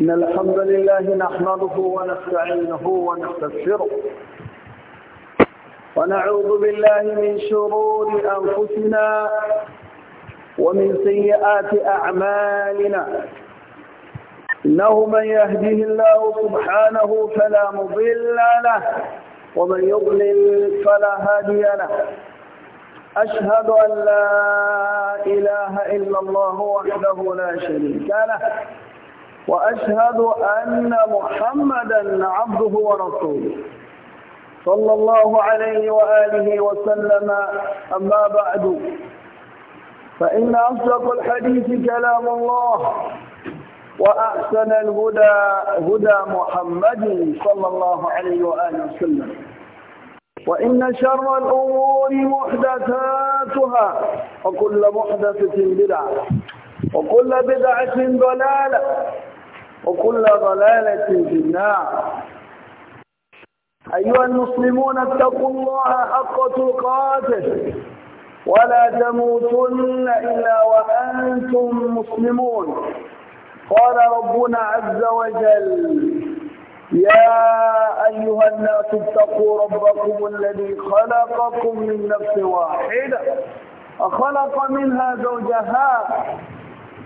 إن الحمد لله نحمده ونستعينه ونستغفره ونعوذ بالله من شرور أنفسنا ومن سيئات أعمالنا إنه من يهده الله سبحانه فلا مضل له ومن يضلل فلا هادي له أشهد أن لا إله إلا الله وحده لا شريك له وأشهد أن محمدا عبده ورسوله صلى الله عليه وآله وسلم أما بعد فإن أصدق الحديث كلام الله وأحسن الهدى هدى محمد صلى الله عليه وآله وسلم وإن شر الأمور محدثاتها وكل محدثة بدعة وكل بدعة ضلالة وكل ضلالة في النار أيها المسلمون اتقوا الله حق تقاته ولا تموتن إلا وأنتم مسلمون قال ربنا عز وجل يا أيها الناس اتقوا ربكم الذي خلقكم من نفس واحدة وخلق منها زوجها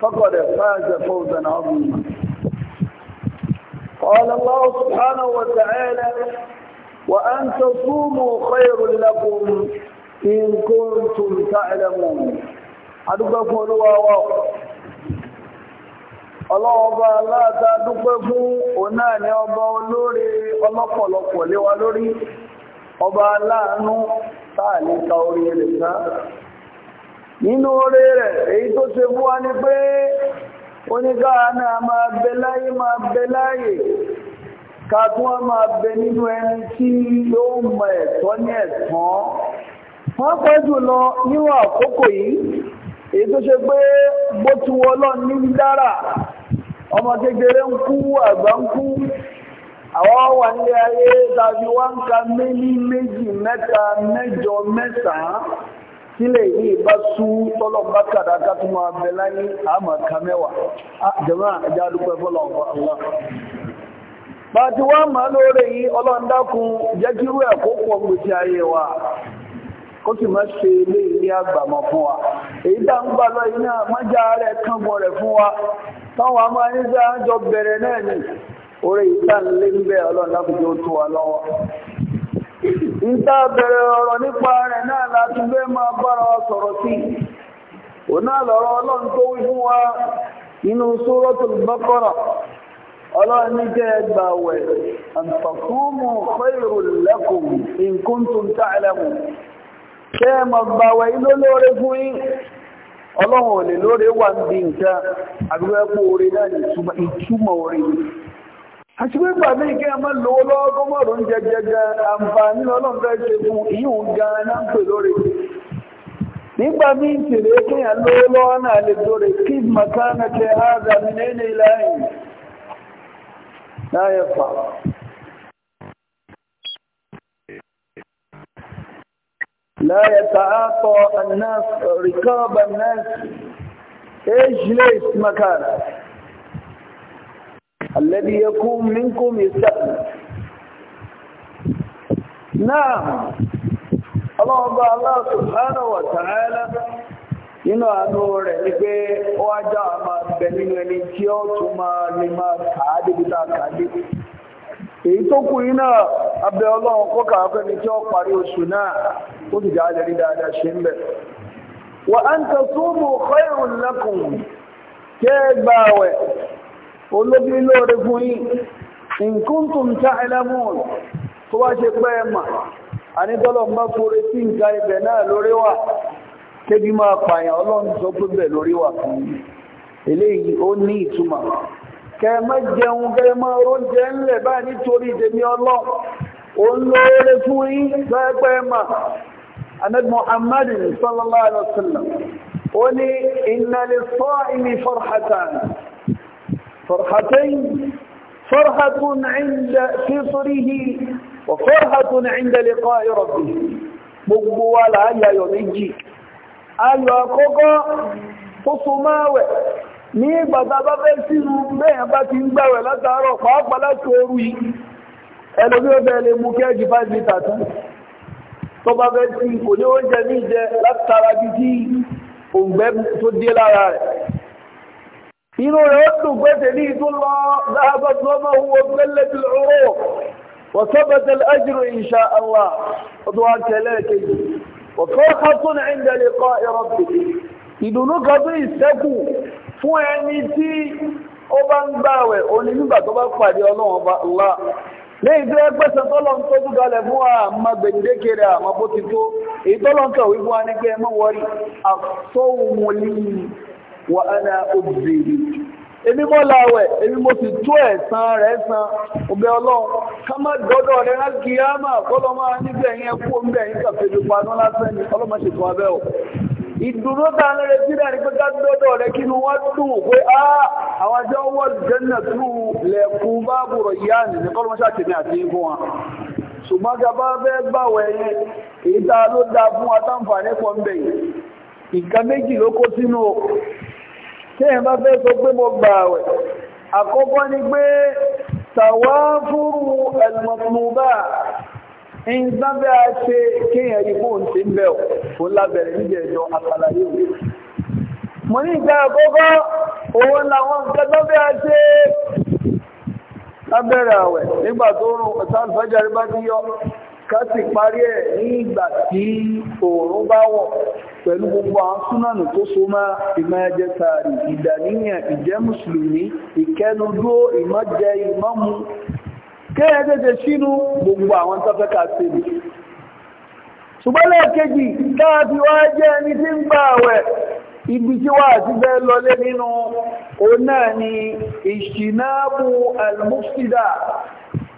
فقد فاز فوزا عظيما قال الله سبحانه وتعالى وأن تصوموا خير لكم إن كنتم تعلمون أدوك فلوا ọlọ́ọba aláta dúpẹ́ fún òun náà ni ọba olóore ọlọ́pọ̀lọpọ̀ léwa lórí ọba aláàánú táà ní ta orí ẹlẹ́ta nínú oore rẹ̀ èyí tó ṣe fún wa ni pé oníkáà náà máa bẹ láyé máa bẹ láyé ká tún wọ́n máa bẹ nínú ẹni tí yóò mọ̀ ẹ̀tọ́ ní ẹ̀tàn wọ́n pẹ́ jùlọ níwọ̀n àkókò yìí èyí tó ṣe pé bó ní ọmọ kékeré ń kú àgbà ń kú àwọn wà nílé ayé tàbí ń ka méjì méjì mẹ́ta mẹ́jọ mẹ́sàn-án sílẹ̀ yìí bá sú tọ́lọ̀ bá kàdà kátó máa bẹ láyé àmà kamẹ́wàá jẹ́mọ́ ẹja dúpẹ́ fọ́lọ̀ bá ti wá máa lóore yìí ọlọ́ndákun jẹ́ kí irú ẹ̀ wa kó sì má ṣe ilé ní àgbàmọ̀ fún wa èyí tá ń bá lọ iná májá rẹ̀ kánbọ̀ rẹ̀ fún wa táwọn àmọ́ jọ bẹ̀rẹ̀ náà ni orí ìtàn lé ń bẹ́ ọlọ́ndákun tó ìta bẹ̀rẹ̀ ọ̀rọ̀ nípa rẹ̀ náà láti gbé máa bára sọ̀rọ̀ sí ò náà lọ́rọ̀ ọlọ́run tó wí fún wa inú Suratul Baqara ọlọ́run ní jẹ́ ẹgbà wẹ̀ àǹtàkùnmù khairul lakum àti pé pàdé kí a máa lò lọ́wọ́ kó mọ̀rún ń jẹjẹ gan àǹfààní ọlọ́mọdé ṣe fún ìyún gan náà pè lórí nígbà mí ìtìrẹ kéèyàn lówó lọ́wọ́ náà lè dóre kí màkánà kẹ áàdà mi nílé láyìn láyẹ̀ fà láyẹ̀ tààtọ̀ annas rìkọ́bà náà èjì lè màkánà الذي yakun منكم ìsẹ́kù نعم الله Allah subhanahu wa ta'ala nínú àánú rẹ̀ ní pé ó ajá máa bẹ nínú ẹni tí ó tún máa lè máa kàá débi tá a kàá dé èyí tó kù yìí náà abẹ ọlọ́run kó kàá fẹ́ ni tí ó parí oṣù náà ó sì já lẹ́rí dáadáa ṣe ń bẹ̀. wa an tasumu khairun lakum kẹ́ gbààwẹ̀ olóbi lóore fún yín nǹkan ta'lamun tó wá ṣe pẹ́ ẹ̀mà ànídọ́lọ̀ bá fúre sí ìgbà ibẹ̀ náà lórí wà kébí máa pààyàn ọlọ́run sọ pé bẹ̀ lórí wà fún yín eléyìí ó ní ìtumọ̀ kẹ má jẹun kẹ má róúnjẹ ńlẹ̀ báyìí nítorí ìdèmí sallallahu alaihi wasallam ó ní inna lis-sa'imi farhatan فرحتين فرحة عند فطره وفرحة عند لقاء ربه gbogbo wa là á yayọ̀ méjì ayọ̀ àkọ́kọ́ ó so máa wẹ̀ ní ìgbàta bá fẹ́ sínú bẹ́yàn bá ti ń gbàwẹ̀ látàárọ̀ pàápàá láti òru yìí ẹlòmí ọbẹ̀ lè mú kẹ́ẹ̀jì 5 litre tán tó bá fẹ́ sí kò ní oúnjẹ ní ìjẹ látara bí tí òǹgbẹ́ tó dé lára rẹ̀ inú rẹ̀ ó dùn pé tèmi ìdún lọ láàbà tó mọ́ وثبت الأجر إن شاء الله ودعاك لك وفرحة عند لقاء ربك ìdùnnú kan tó ìṣẹ́kù fún ẹni tí ó bá ń gbààwẹ̀ òní nígbà tó bá pàdé ọlọ́run ọba ńlá lẹ́yìn tó ẹgbẹ́sẹ̀ tọ́lọ́n tó tún kalẹ̀ fún àmà bó ti tó èyí tọ́lọ́n kàwé fún wa ní pé mọ́ wọrí àsọ́wọ́mọlẹ́yìn wà á na obìnrin èmi mọ́ làwẹ̀ èmi mo sì tó ẹ̀san rẹ̀ san ọbẹ̀ ọlọ́run ká má dọ́dọ̀ rẹ̀ rá kí á mà kọ́lọ́ máa níbẹ̀ yẹn kú omi ẹ̀yìn kàfẹ́lú paná lásán ni ọlọ́mọ ṣètò abẹ́ ọ̀ ìdùnnú tá a lọ́rẹ̀ sí náà ní pé ká dọ́dọ̀ rẹ̀ kí ni wọ́n dùn pé á àwọn ajá wọ́n jẹ́nà tú lẹ̀kùn bá bùrọ̀ ìyá nì ní kọ́lọ́ máa ṣàtìmí àti fún wa ṣùgbọ́n ká bá fẹ́ gbàwẹ̀ yẹn èyí tá ló dáa fún wa táǹfààní pọ̀ ń bẹ̀ méjì ló kó sínú tí ẹ̀ bá fẹ́ sọ pé mo gbà àwẹ̀ àkọ́kọ́ ni pé tàwáfúrú ẹ̀lmọ̀túnmọ̀bá in lábẹ́ a ṣe kíyàn rí fóòn tí ń bẹ̀ lábẹ̀rẹ̀ ní ẹjọ́ àpàlàyé òwe mo ní ìgbà àkọ́kọ́ òun làwọn nǹkan lábẹ́ a ṣe lábẹ́rẹ̀ ká sì parí ẹ̀ ní ìgbà tí oòrùn bá wọ̀ pẹ̀lú gbogbo àwọn súnánù tó so mọ́ ìmọ̀-ẹjẹ sàárì ìdàníyàn ìjẹ́ mùsùlùmí ìkẹnudó ìmọ̀jẹ ìmọ̀mú kéèyàn sínú gbogbo àwọn tọ́fẹ́ ká sí ni ṣùgbọ́n káàbí wá jẹ́ ẹni tí ń gbà àwẹ̀ ibi tí wà ti bẹ́ lọlé nínú òun ni ìṣìnáàbù almufsida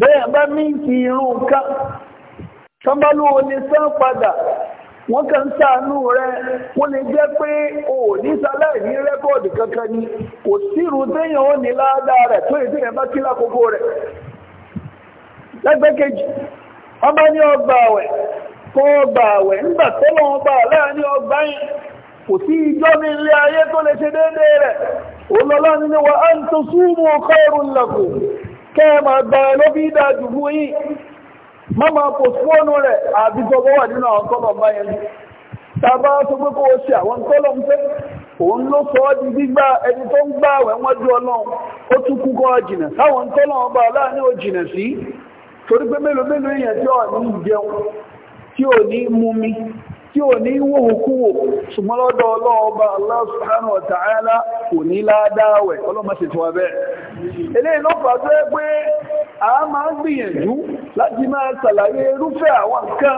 bẹ́ẹ̀ bá irun ká onye san sán padà wọ́n kàn ń sàánú rẹ wọ́n lè jẹ́ pé o ní ní rẹ́kọ̀ọ̀dì kankan ni kò sírù téèyàn ó ní ládàá rẹ̀ tó èdè rẹ̀ bá kí lákòókò rẹ̀ lẹ́gbẹ́kejì ní ọgbà àwẹ̀ kó ọgbà àwẹ̀ nígbà tọ́lọ́ ọba láàrin ọgbà kò sí ìjọ́ ní ilé ayé tó lè ṣe déédéé kẹ́ẹ̀mà gba ló bí dájú fún yìí má máa kò fóònù rẹ̀ àbíjọba wà nínú àwọn tọ́lọ̀ báyẹn tàbá tó gbé kó o ṣe àwọn tọ́lọ̀ ń fẹ́ òun ló sọ ọ́ di gbígbà ẹni tó ń gbà wẹ̀ wọ́n ọlọ́run ó tún tí ò ní wòhùnkúwò ṣùgbọ́n ọlọ́ọba Allah subhanahu kò ní ládáwẹ̀ ọlọ́mọ̀sí bẹ́ẹ̀. ilé tó ẹ a máa ń gbìyànjú láti máa ṣàlàyé irúfẹ́ àwọn nǹkan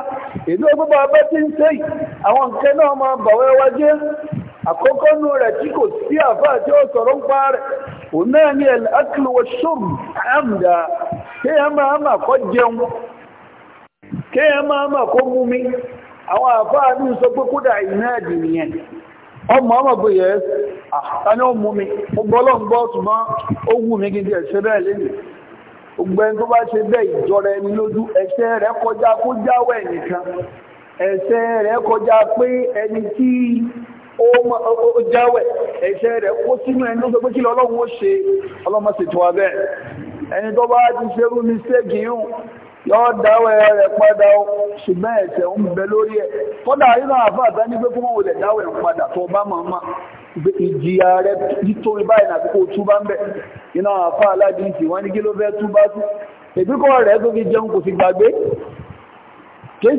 èdè ọgbọ́gbọ́ abẹ́ tí ń sẹ́yìn àwọn nǹkan náà máa bàwẹ́ àkọ́kọ́ nú rẹ̀ tí kò sí àfáà tí ó sọ̀rọ̀ ń náà ní àmdà àwọn àfáà ní sọ pé kódà ìnáàdì nìyẹn ọmọ ọmọ bó yẹ àtàní ọmọ mi ọgbọ́lọ́gbọ́ ṣùgbọ́n ó wù mí gidi ẹ̀ṣẹ́ bẹ́ẹ̀ lẹ́yìn ògbẹ́ni tó bá ṣe bẹ́ẹ̀ ìjọra ẹni lójú ẹ̀ṣẹ̀ rẹ̀ kọjá kó jáwọ́ ẹnìkan ẹ̀ṣẹ̀ rẹ̀ kọjá pé ẹni tí ó jáwẹ̀ ẹ̀ṣẹ̀ rẹ̀ kó sínú ẹni ló sọ kí lọ́lọ́run ṣe ọlọ́mọ sì ẹni tó bá ti ṣerú mistake yìí yọ́ dáwọ́ rẹ̀ padà ṣùgbọ́n ẹ̀ṣẹ̀ ń bẹ lórí ẹ̀ kọ́dà nínú àfáàtà ní pé fún wọn olè dáwọ́ ẹ̀ padà tó bá màmá ìjìyà rẹ̀ nítorí báyìí àti kó túbá ń bẹ̀ iná àfáà aládìsí wọ́n ní kí ló fẹ́ túbá sí ìdíkọ̀ rẹ̀ tó fi jẹun kò sì gbàgbé kìí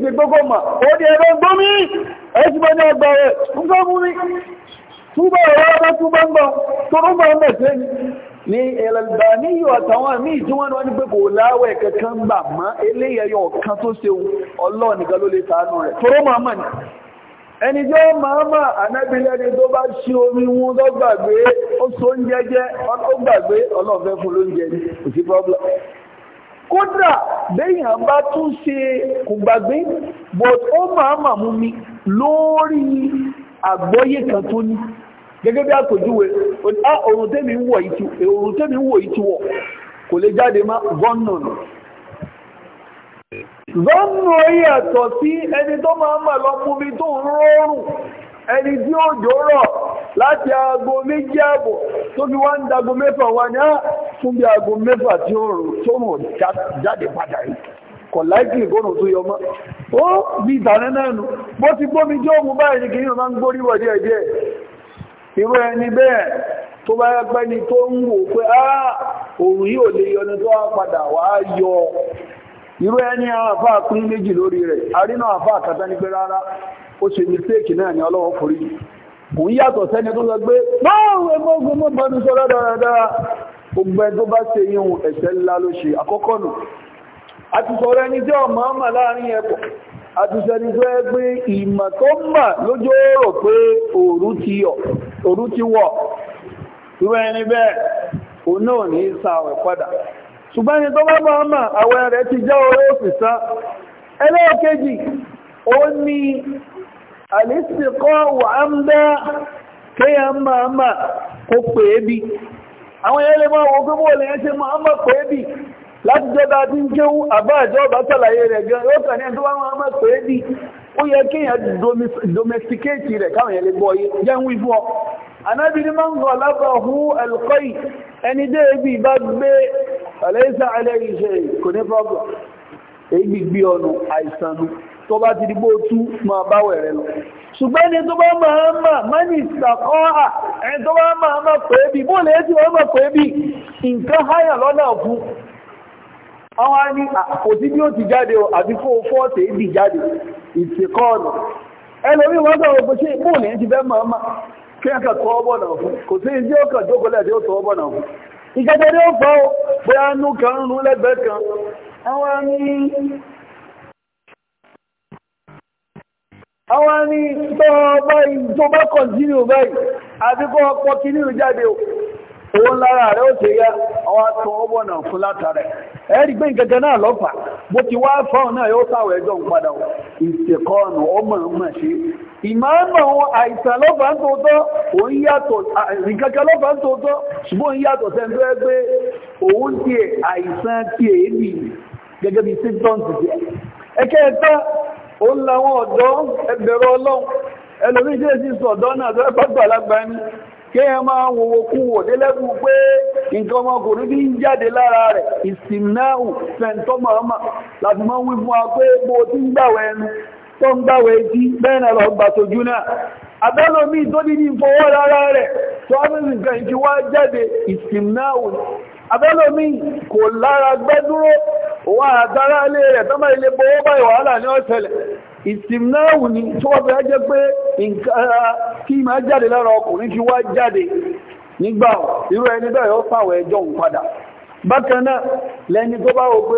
ní Al-Albani àtàwọn míì tí wọ́n ní pé kò láwẹ̀ kankan gbà mọ́ eléyẹyọ kan tó ṣeun Ọlọ́run ló lè tàánú rẹ̀ tóró màmá ni ẹni tí ó máa mà ànábìlẹ́ni tó bá ṣí omi mú tó gbàgbé ó so ń jẹ́jẹ́ ó gbàgbé Ọlọ́run fẹ́ fún lóúnjẹ ni kò sí problem kódà gẹ́gẹ́ bí àpèjúwe oòrùn ah, tẹ́mi ń wọ̀ ìtí wọ̀ kò lè jáde má gọ́nà nù gọ́nà yàtọ̀ sí ẹni tó máa ń bà lọ mú mi tó ń rọrùn ẹni tí ó jòrọ̀ láti aago méjì ààbọ̀ tó fi wá ń dago mẹ́fà wá ní á ah, fún bí aago mẹ́fà tí ó rùn tó rùn jáde padà yìí kọ̀ láìkì ìgbónà tó yọ mọ́ ó bí ìtànẹ́ náà nù bó ti gbómi jọ́ mú báyìí kì í máa ń gbóríwọ̀ díẹ̀díẹ̀ irú ẹni bẹ́ẹ̀ tó bá yẹ́pẹ́ ni tó ń wò pé áà òun yóò lè yọ ni tó wá padà wá yọ irú ẹni àwọn àfá pín méjì lórí rẹ̀ àrínà àfá àkàtà ní pé rárá ó ṣe mistake náà ni ọlọ́wọ́ forí òun yàtọ̀ sẹ́ni tó sọ pé báwọn ẹgbọ́gbọ́n mọ́ àtìsọ̀rọ̀ ẹni jẹ́ ọmọ ọmọ láàrin ẹ̀pọ̀ àtìsẹ̀ni tó ìmọ̀ tó mọ̀ lójó rò pé ti wọ̀ irú ẹni bẹ́ẹ̀ sa padà ṣùgbọ́n ẹni tó bá mọ̀ ọmọ àwẹ̀ rẹ̀ ti jẹ́ oró ó ní àlìsìkọ́ wà ń bẹ́ láti jọba tí ń kéwú àbá ìjọba tàlàyé rẹ̀ gan yóò kàn ní ẹni tó wá wọn mọ́ pé bí ó yẹ kéèyàn domesticate rẹ̀ káwọn yẹn lè gbọ́ yé jẹun ìfún ọ anábì ní máa ń gọ̀ lábọ̀ hu alkọ́ì ẹni dé ebi bá gbé ọ̀lẹ́sà alẹ́yìnṣẹ́ kò ní problem ebi gbé ọ̀nà àìsàn tó bá ti dìbò tú máa báwẹ̀ ṣùgbọ́n ní tó bá máa mà má ní ìsàkọ́ ẹni tó bá máa mà pé bóòlù ẹ̀ wọ́n mà pé nǹkan háyà lọ́nà fún A ní òtí bí ti jáde o àti fún fọ́ọ̀tẹ̀ ìdí jáde ìtìkọ́ọ̀nù ẹlòmí wọ́n tọ́ ọgbọ́n ṣe mú ní ti bẹ́ mọ́ọ́má kí ẹ̀kà tọ́ ọbọ̀ fún kò sí tí ni o bóyá nú ọba ìjọba owó lára rẹ̀ ó ṣe yá ọwá tó ó bọ̀nà fún látàrẹ̀ ẹ̀rí gbé nǹkan náà lọ́fà bó ti wá fáwọn náà yóò sáwọ̀ ẹjọ́ ń padà ìṣẹ̀kọ́ọ̀nù ọmọ ọmọ ṣe ìmáàmà wọn àìsàn lọ́fà ń tòótọ́ òun yàtọ̀ nǹkankan lọ́fà ń tòótọ́ ṣùgbọ́n yàtọ̀ sẹ́ńtọ́ ẹ pé òun ti àìsàn ti èébì gẹ́gẹ́ bí symptoms jẹ́ ẹ̀kẹ́ẹ̀ta òun làwọn ọ̀dọ́ ẹgbẹ̀rún ọlọ́run ẹlòmíjẹ́ sí sọ̀dọ́ náà tó ẹ kí ẹ máa wòwò kú wò délẹ́bù pé nǹkan ọmọkùnrin bí ń jáde lára rẹ̀ ìsìnnáhù fẹ̀ntọ́mọ̀ọ́mà láti máa wí fún wa pé bó ti ń gbàwẹ̀ ẹnu tó ń gbàwẹ̀ etí bẹ́ẹ̀ náà lọ gbà tójú náà abẹ́lómi tó ní ní ìfọwọ́ lára rẹ̀ tó á mẹ́rin nǹkan ìtiwá jáde ìsìnnáhù abẹ́lómi kò lára dúró wà àtàrà ilé rẹ̀ tọ́mà ilé bówó báyìí wàhálà ní ọ̀tẹ̀lẹ̀ ìsìmnáwù ni tó wọ́n fẹ́ jẹ́ pé kí ma jáde lára ọkùnrin kí wá jáde nígbà irú ẹni bẹ́ẹ̀ ó fàwọ̀ ẹjọ́ ń padà lẹ́ni tó bá pé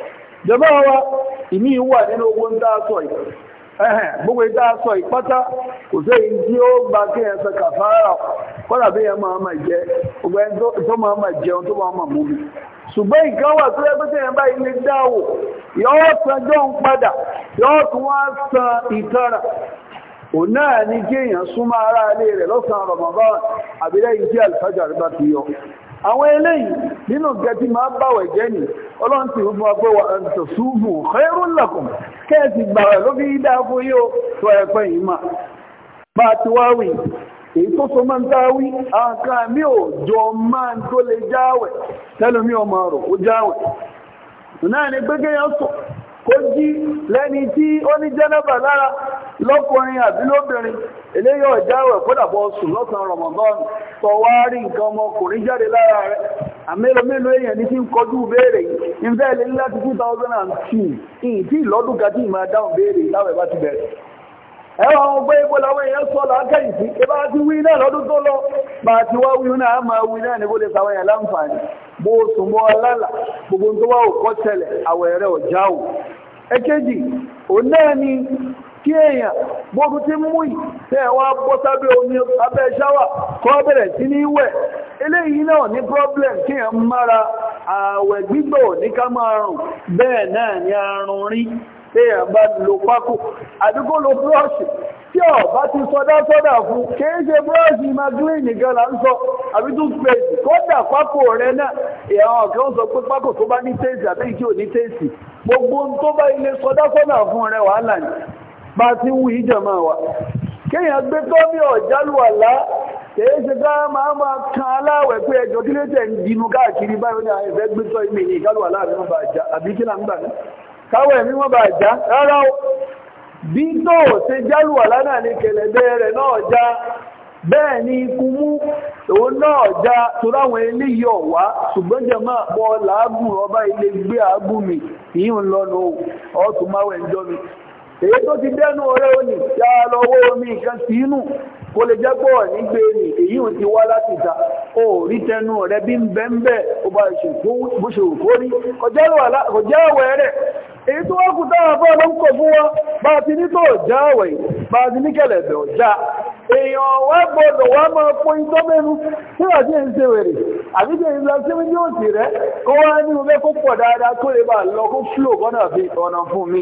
jọba wa ìmí wà nínú owó ń dáàsọ̀ ẹ̀hẹ̀ gbogbo ìdáàsọ̀ ìpátá kò sẹ́yìn tí ó gba kí ẹ sọ kàfàárà kọ́dà bí ẹ máa máa jẹ gbogbo ẹni tó máa máa jẹun tó máa máa mú mi ṣùgbọ́n nǹkan wà tó ẹgbẹ́ tẹ̀yẹ̀ báyìí lè dáwò yọ́ sanjọ́ ń padà yọ́ tún wá san ìtara ò náà ní kéèyàn súnmọ́ ara rẹ̀ lọ́sàn-án Ramadan àbílẹ̀ yìí tí àlùfájà rẹ̀ bá yọ àwọn eléyìí nínú gẹ̀ẹ́tì máa báwẹ̀ jẹ́ ní ọlọ́run ti rúgbọ́ pé wà ẹ̀ntọ̀ súùbù khairun lakum kẹ́ẹ̀sì gbàrà ló bí dá fún yóò tó ẹ̀pẹ́ yìí kó jí lẹ́ni tí ó ní jẹ́nẹ́bà lára lọ́kùnrin àbí lóbìnrin eléyìí ọ̀jáwẹ̀ fọ́dàbọ̀ sùn lọ́sàn Ramadan tó wá rí nǹkan ọmọkùnrin jáde lára rẹ̀ àmẹ́lò mélòó èèyàn ní tí ń kọjú béèrè ìfẹ́ ilé láti 2002 ìtì lọ́dún kan tí ìmọ̀ dáhùn béèrè láwẹ̀ bá ti bẹ̀rẹ̀ ẹwà ọgbẹ́ igbó làwọn èèyàn sọ làákàyè sí ẹbá ti wí náà lọ́dún tó lọ bá ti wá wí náà máa wí náà ní bó lè sáwọn èèyàn láǹfààní bó sùn mọ́ ọlálà gbogbo tó wá òkọ́ tẹ̀lẹ̀ àwọ̀ ẹ̀rẹ́ ò ni kí èèyàn gbogbo ti mú ì tẹ́ ẹ wá bọ́ sábẹ́ omi abẹ́ ṣáwà kọ́ bẹ̀rẹ̀ sí ní wẹ̀ eléyìí problem kí èèyàn mára ààwẹ̀ gbígbọ̀ ní ká máa rùn ni rí téèyàn bá lo pákó àdúgbò lo búrọ́ọ̀ṣì tí bá ti sọdá fún kìí ṣe búrọ́ọ̀ṣì maglin nìkan là ń sọ rẹ náà ìyàwó ọ̀kẹ́ ń sọ pé pákó tó bá ní ní gbogbo tó bá ilé fún rẹ wàhálà ní bá ti wù wa kéèyàn gbé ọ̀jálùwàlá ṣe ká máa máa kan aláwẹ̀ pé ẹjọ́ kí tẹ̀ ń dinú káàkiri ní àìfẹ́ gbé káwọ̀ ẹ̀mí wọ́n bá já rárá o bí tó ṣe jálùwà lánàá ní kẹlẹ̀bẹ́ rẹ̀ náà já bẹ́ẹ̀ ni ikú mú òun náà já toráwọn eléyìí ọ̀wá ṣùgbọ́n jẹ́ máa pọ̀ làágùn ọba ilé gbé àágùn mi ìyún lọ́nà mi èyí tó ti dẹ́nu ọ̀rẹ́ òní ya lọwo omi nǹkan sí inú kò lè èyí ò ti wá láti ó rí tẹnu ọ̀rẹ́ bí ń ó èyí tó wọ́n kù fún ọmọ fún bá ti ní tó já àwẹ̀ bá ti ní kẹlẹ̀bẹ̀ ọ̀já èèyàn wá gbọ́dọ̀ wá máa pọ́ itọ́ mẹ́nu tí wà ní òsì rẹ̀ ní lọ kó flow bọ́nà ọ̀nà mi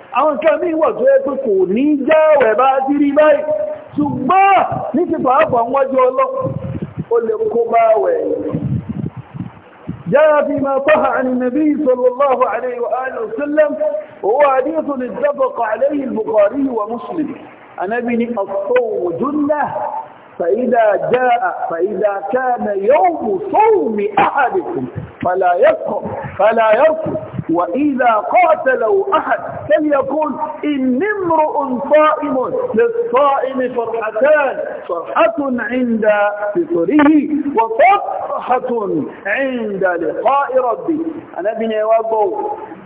àwọn kẹ́mí wà tó yẹ pé kò ní jẹ́wẹ̀ bá ti rí báyìí ní ti pàápàá wájú ọlọ́ ó lè kó bá wẹ̀ جاء فيما طه عن النبي صلى الله عليه وآله وسلم هو حديث اتفق عليه البخاري ومسلم أنا بني الصوم جنة فإذا جاء فإذا كان يوم صوم أحدكم فلا يسقط فلا يركض وإذا قاتلوا أحد فليقول إن امرؤ صائم للصائم فرحتان فرحة عند فطره وفرحة عند لقاء ربه أنا بني وابو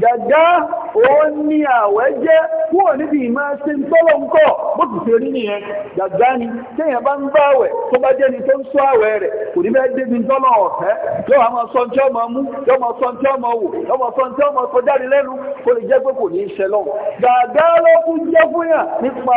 gàgá òun ni àwẹ̀ jẹ́ kúrò níbi ìmọ̀ ṣe ń tọ́lọ̀ ń kọ̀ bó ti ṣe rí nìyẹn gàgá ni téèyàn bá ń bá àwẹ̀ tó bá jẹ́ ni tó ń sọ àwẹ̀ rẹ̀ kò ní bẹ́ẹ̀ débi tọ́lọ̀ ọ̀fẹ́ yóò wá máa sọ ní tí ọmọ mú yóò máa sọ ní tí ọmọ wò yóò máa sọ ní tí ọmọ sọ jáde lẹ́nu kó lè jẹ́ pé kò ní í ṣe lọ. gàgá ló kún jẹ́ fún yàn nípa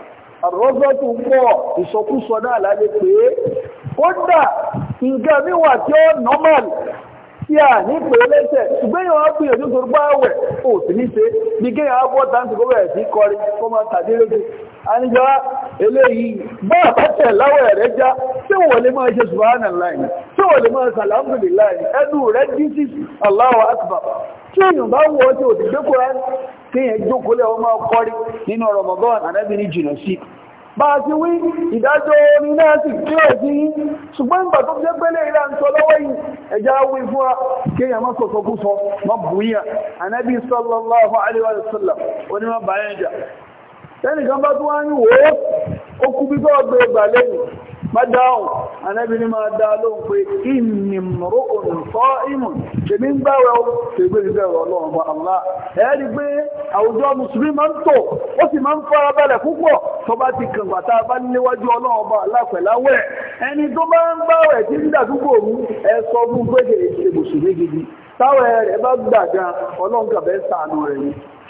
àrọ́gọ́tù pọ̀ ìsọkúsọ náà láyé pé ó dà nǹkan níwà tí ó normal tí a ní pé lẹ́sẹ̀ ṣùgbẹ́yàn á fi èdè torí bá wẹ̀ ó sì ní ṣe bí kéèyàn á bọ́ táǹtì kó sí kọrin kó máa tàbí eléyìí bá àbátẹ̀ láwọ̀ rẹ̀ já tí wọ́n lè máa ṣe subhanallah tí wọ́n lè máa ṣàlámùlì láì ẹnu rẹ̀ dísí Allahu akbar tí èyàn bá wọ́ tí ò ti jókòó ẹ́ tí èyàn jókòó lẹ́ ọmọ ọkọ́rí nínú Ramadan anábìnrin jìnà sí bá a ti wí ìdájọ́ orin náà sì tí ó sí yí ṣùgbọ́n ìgbà tó jẹ́ pẹ́lẹ̀ ìlà ń sọ lọ́wọ́ yìí ẹja wí fún wa kí èyàn máa sọ̀sọ̀ kú sọ mọ́ bùúyà anábì sallallahu alaihi wa Mádáhùn, anábi ní máa dá ló pé inni mru'un sa'imun, ṣèmí ń gbáwẹ̀ ó, ṣègbé ìgbẹ̀rọ ọlọ́run Allah. Ẹ̀ẹ́rí pé àwùjọ Mùsùlùmí máa ń tò, ó sì máa ń fara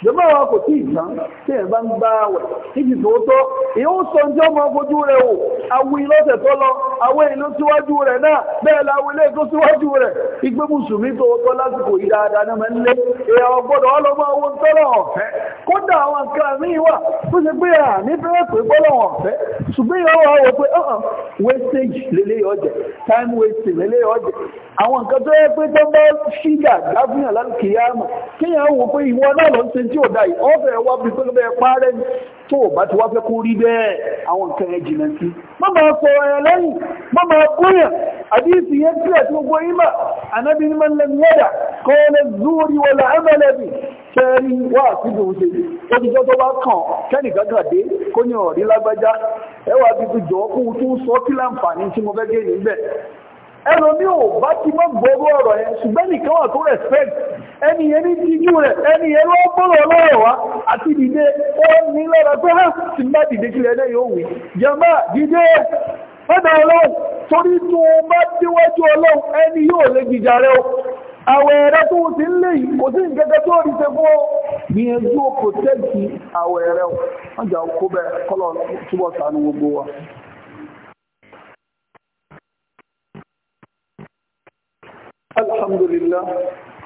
jọba wa kò tí ìtàn tí ẹ̀ bá ń bá wẹ̀ níbi tó tọ́ ìyóò sọ ní ọmọ ojú rẹ̀ o awi lọ́sẹ̀ tó lọ awé ìlú síwájú rẹ̀ náà bẹ́ẹ̀ la awilé tó síwájú rẹ̀ ìgbé mùsùlùmí tó tọ́ lásìkò yìí dáadáa ní mẹ́rin lé èèyàn ọgbọ́dọ̀ ọlọ́mọ owó tọ́lọ̀ ọ̀fẹ́ kódà àwọn nǹkan ìyàwó àwọn wastage lélẹ́yọ̀ ọ̀jẹ̀ time wasting lélẹ́yọ̀ ọ̀jẹ̀ àwọn nǹkan tó yẹ pé tó bá ṣígà dábìyàn lálùkìyàmọ̀ kéèyàn wò tí ò dá yìí ọ̀fẹ́ wá bí tó bẹ́ẹ̀ parẹ́ tó bá ti wá fẹ́ kó rí bẹ́ẹ̀ àwọn nǹkan yẹn sí. má máa fọ lẹ́yìn má máa kúnyà yẹn tí àti gbogbo yìí mà ní máa ń lẹ́nu kọ́ ẹ zúúrí wọ là bì kẹ́rin wá síbi òun ṣe ojújọ́ tó bá kàn kẹ́nìkan gàdé kó ní ọ̀rí lágbájá ẹ wá bí ti jọ̀ọ́ kó o sọ kí láǹfààní tí mo fẹ́ gé níbẹ̀ ẹlòmíì ò bá ti má gbọ́ ọ̀rọ̀ yẹn ṣùgbẹ́ nìkan wà tó respect ẹni yẹn ní tijú rẹ ẹni yẹn lọ gbọ́rọ̀ lọ́rọ̀ wá àti dìde ó ní lọ́ra pé hàn tí bá dìde kílẹ̀ náà yóò wí jàmbá dìde ọ̀dọ̀ ọlọ́run torí tó bá díwájú ọlọ́run ẹni yóò lè o tó ń lè yìí kò sí ọ gbìyànjú o wọ́n jà kó bẹ́ẹ̀ kọ́lọ̀ túbọ̀ gbogbo wa.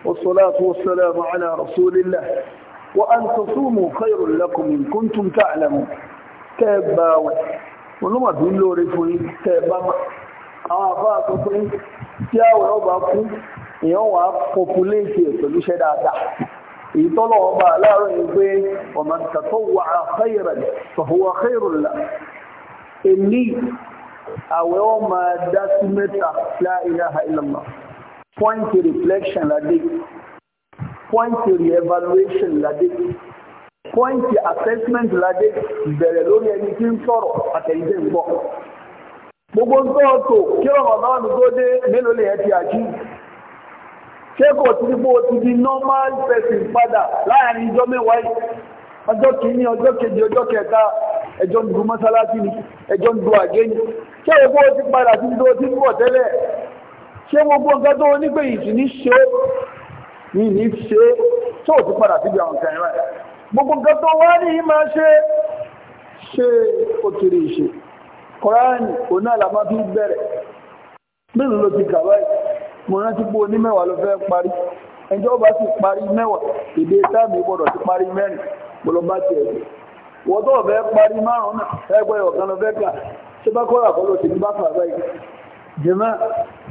والصلاة والسلام على رسول الله وأن تصوموا خير لكم إن كنتم تعلمون تباوي ولما دون لوري فوني تباما àwọn àbá sọ pé tí àwẹ̀ ọba kú èèyàn wà á pọpuléètì ẹ̀ pẹ̀lú iṣẹ́ dáadáa èyí tọ́lọ̀ ọba aláàárọ̀ yìí pé ọ̀nà tàtọ́ wà á xẹ́yìrẹ̀ fọ̀hùwà xẹ́yìrẹ̀ là èmi àwẹ̀ ọ̀ máa dá sí mẹ́ta la ilaha illallah point reflection ládé point re-evaluation ládé point assessment ládé bẹ̀rẹ̀ lórí ẹni tí ń sọ̀rọ̀ àtẹ̀yìndé ń bọ̀ gbogbo ń tọ́ tó kí ọ̀rọ̀ náà ní tó dé mélòó lè ẹ ti àjí ṣé kò ti bó ti di normal person padà láàrin ìjọ mẹ́wàá yìí ọjọ́ kìíní ọjọ́ kejì ọjọ́ kẹta ẹjọ́ ń du mọ́sálásí ni ẹjọ́ ń du àgé ni ṣé òkú ó ti padà sí ibi tó ti ń bọ̀ tẹ́lẹ̀ ṣé gbogbo nǹkan tó ní pé ìtù ní ṣe ní ní ṣe tó ti padà síbi àwọn nǹkan ẹ̀rọ la máa fi bẹ̀rẹ̀ mélòó ló ti kà báyìí mo rántí pé oní mẹ́wàá ló fẹ́ parí ẹjọ́ bá sì parí mẹ́wàá èdè táàmì gbọ́dọ̀ ti parí mẹ́rin gbọ́lọ́bá ti ẹ̀sẹ̀ wọ́n tó ọ̀fẹ́ parí márùn-ún ẹgbẹ́ ọ̀kan lọ fẹ́ kà ṣé bá kọ́ra kọ́ ló ti ní bá fà báyìí jẹ́mọ́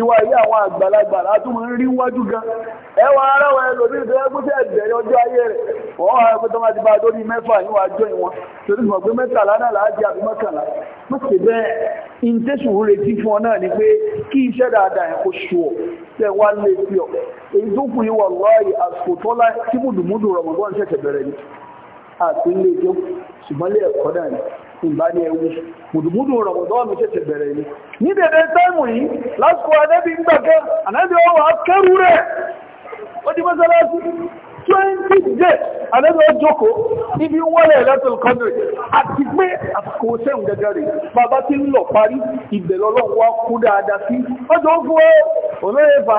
ìwà ìyá àwọn àgbàlagbà látúmọ̀ ń rí wájú gan ẹwà ara wọn ẹlòmí tó yẹ ẹgbẹ̀rẹ̀ ọjọ́ ayé rẹ̀ wọ́n wà ẹgbẹ́ tó máa ti bá a lórí mẹ́fà yín wàá jọ ìwọ̀n torí mọ̀ pé mẹ́tàlá náà láti àbí mọ́kànlá má ṣe bẹ́ẹ̀ ìǹtẹ́sù ń retí fún ọ náà ni pé kí iṣẹ́ dáadáa yẹn kó ṣù ọ́ tẹ̀ wá lé sí ọ èyí tó kù yín wà láàyè àsìkò tọ́lá tí mùdùmùdù rọ̀mọ̀gbọ́n ṣẹ̀ṣẹ̀ bẹ̀rẹ̀ ni àti ilé ìjọ ṣùgbọ́n lé ẹ̀kọ́ náà ni ìgbà ní ẹwu mùdùmúdù rọ̀mọ̀dọ́ mi ṣẹ̀ṣẹ̀ bẹ̀rẹ̀ ni ní dèdè táìmù yìí lásìkò anẹ́bí ń gbẹ̀kẹ́ anẹ́bí ọwọ́ akẹ́rù rẹ̀ ó di mọ́sálásí 20 days anẹ́bí ó jókòó ibi wọlé ẹ̀lẹ́tọ̀l kọ́ndọ̀ àti pé àsìkò sẹ́hùn gẹ́gẹ́ rẹ̀ bàbá tí ń lọ parí ìbẹ̀lẹ̀ ọlọ́run wá kú dáadáa sí ọjọ́ fún ọ olóyè fà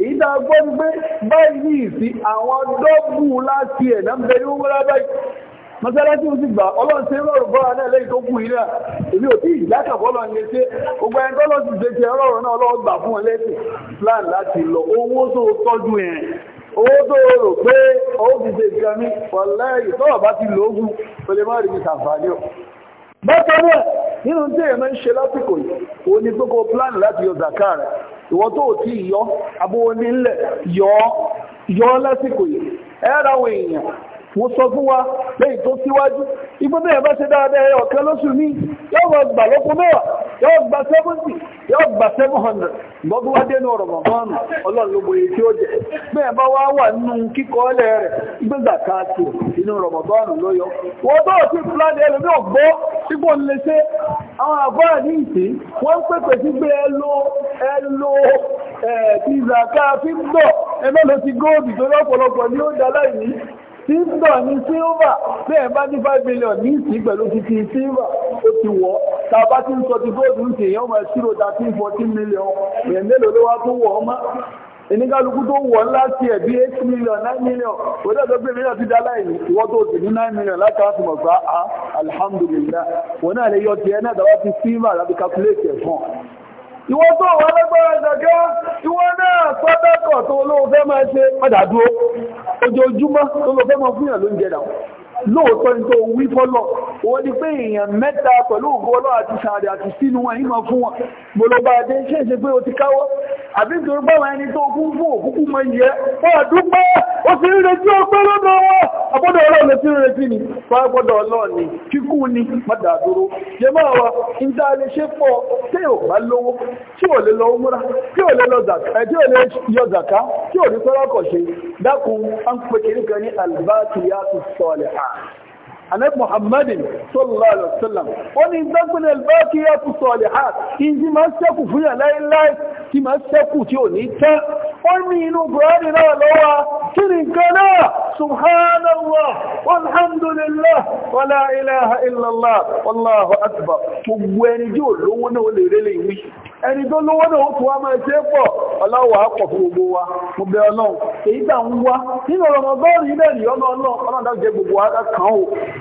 ìdá gbọ́gbé báyìí sí àwọn dọ́gbù láti ẹ̀ náà bẹ̀rẹ̀ owó lábáyìí mọ́sálásí ó sì gbà ọlọ́run ṣe rọrùn bọ́ra náà lẹ́yìn tó kú èmi ò tí ní gbogbo ẹni ṣe náà gbà fún plan owó tó tọ́jú yẹn owó tó rò pé ti ṣe ní bá ti pẹ̀lẹ́ má rí mi sàǹfààní ọ̀ bákan náà nínú tí èèyàn ìwọ tó ò tí ì yọ abówó nílẹ̀ yọ yọ lásìkò yìí ẹ̀rọ àwọn èèyàn mo sọ fún wa lẹ́yìn tó síwájú igbó bẹ́ẹ̀ ṣe dáadáa ọ̀kẹ́ lóṣù ní yóò gba lọ́kùn mẹ́wàá yóò gba yóò gbà 700 gbogbo wá dénú ọ̀rọ̀ mọ̀mọ́nù ọlọ́lọ́gbò èyí tí ó jẹ́ bẹ́ẹ̀ bá wá wà nínú kíkọ́ ọlẹ́ rẹ̀ gbẹ́gbà káàkiri inú rọ̀mọ̀bọ́nù ló yọ wọ́n tó ti fúládé ẹlòmí ọ̀gbọ́ sígbó lè ṣe àwọn àgbọ́rẹ̀ ní ìsìn wọ́n ń sí pé ẹlò ẹlò ti zàkà fi ń bọ̀ tó lọ́pọ̀lọpọ̀ ní ó dá láì ní sílvà ní sílvà bẹ́ẹ̀ bá ní 5 million ní ìsìn pẹ̀lú títí sílvà ó ti wọ́ tàbá tí ń sọ ti góòdù ń tè èèyàn máa ṣírò 13 14 million èèyàn mélòó ló wá tó wọ̀ ọmọ ìníkàlùkù tó wọ̀ ńlá sí ẹ̀ bí 8 million 9 million òdà tó gbé mílíọ̀n ti dálá ìlú ìwọ́n tó sì ní 9 million látàkùn mọ̀ gbá a ah, alhamdulillah wọn náà lè yọ tiẹ̀ náà tàbá ti sílvà láti calculate ẹ̀ fún ìwọ tó wà lágbára jàgá ìwọ náà sọ́dọ̀kọ̀ tó olóòfẹ́ máa ṣe padà dúró ojoojúmọ́ tó lọ fẹ́ mọ fún yàn ló ń jẹrà lóòótọ́ ní tó wí fọ́lọ̀ wọ́n ní pé èèyàn mẹ́ta pẹ̀lú ògbó ọlọ́ àti sàárẹ̀ àti sínú wọn ìmọ̀ fún wọn mo ṣe é ṣe pé o ti káwọ́ àbí nítorí báwọn ẹni tó kún fún òkúkú mọ yẹ ọ dúpẹ́ ó sì ń retí ọpẹ́ lọ́dọ̀ wọn àbọ́dọ̀ ọlọ́run lè ti ń retí ni fọ́gbọ́dọ̀ ọlọ́run ni kíkú ni mọ́dà dúró ṣe máa wọ ìdá lè ṣe pọ̀ tí ò bá lówó tí ò lè lọ múra tí ò lè lọ zàká eh, tí ò lè yọ zàká tí ò ní sọ́rọ̀ kọ̀ ṣe dákun anabi muhammadin sallallahu alaihi wasallam ó ní gbẹ́gbẹ́lẹ̀ albáàkì yàtú sọ̀lẹ̀ ha kí n ti máa ṣẹ́kù fún yàn láíláí tí máa ṣẹ́kù tí ò ní tẹ́ ó ní inú buhari náà lọ́wọ́ kí ni nǹkan náà subhanallah alhamdulillah wala ilaha illallah wallahu akbar gbogbo ẹni tí ò lówó náà ó lè rélé ìwí ẹni tó lówó náà ó tún wá máa ṣe pọ̀ ọlọ́wọ́ àpọ̀ fún gbogbo wa mo bẹ ọlọ́run èyí tà ń wá nínú ọ̀rọ̀ ọgọ́rin náà ní ọmọ ọlọ́run ọlọ́run dájẹ́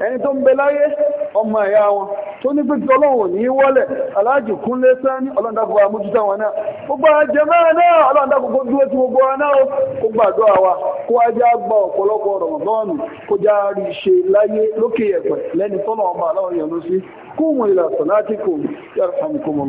ẹni tó ń bẹ láyé ọmọ ẹ̀yà wọn tó ní ọhụrụ ọlọ́run ní wọ́lẹ̀ aláàjì kúnlé sẹ́ni ọlọ́ndàgbà mójútó wọn náà gbogbo àjẹmọ́ náà dúró tí gbogbo wọn náà kó gba ọ̀pọ̀lọpọ̀ rọ̀mọ̀dọ́ọ̀nù kó já rí ṣe láyé lókè ẹ̀pẹ̀ lẹ́ni aláwọ̀ yẹn sí kúmù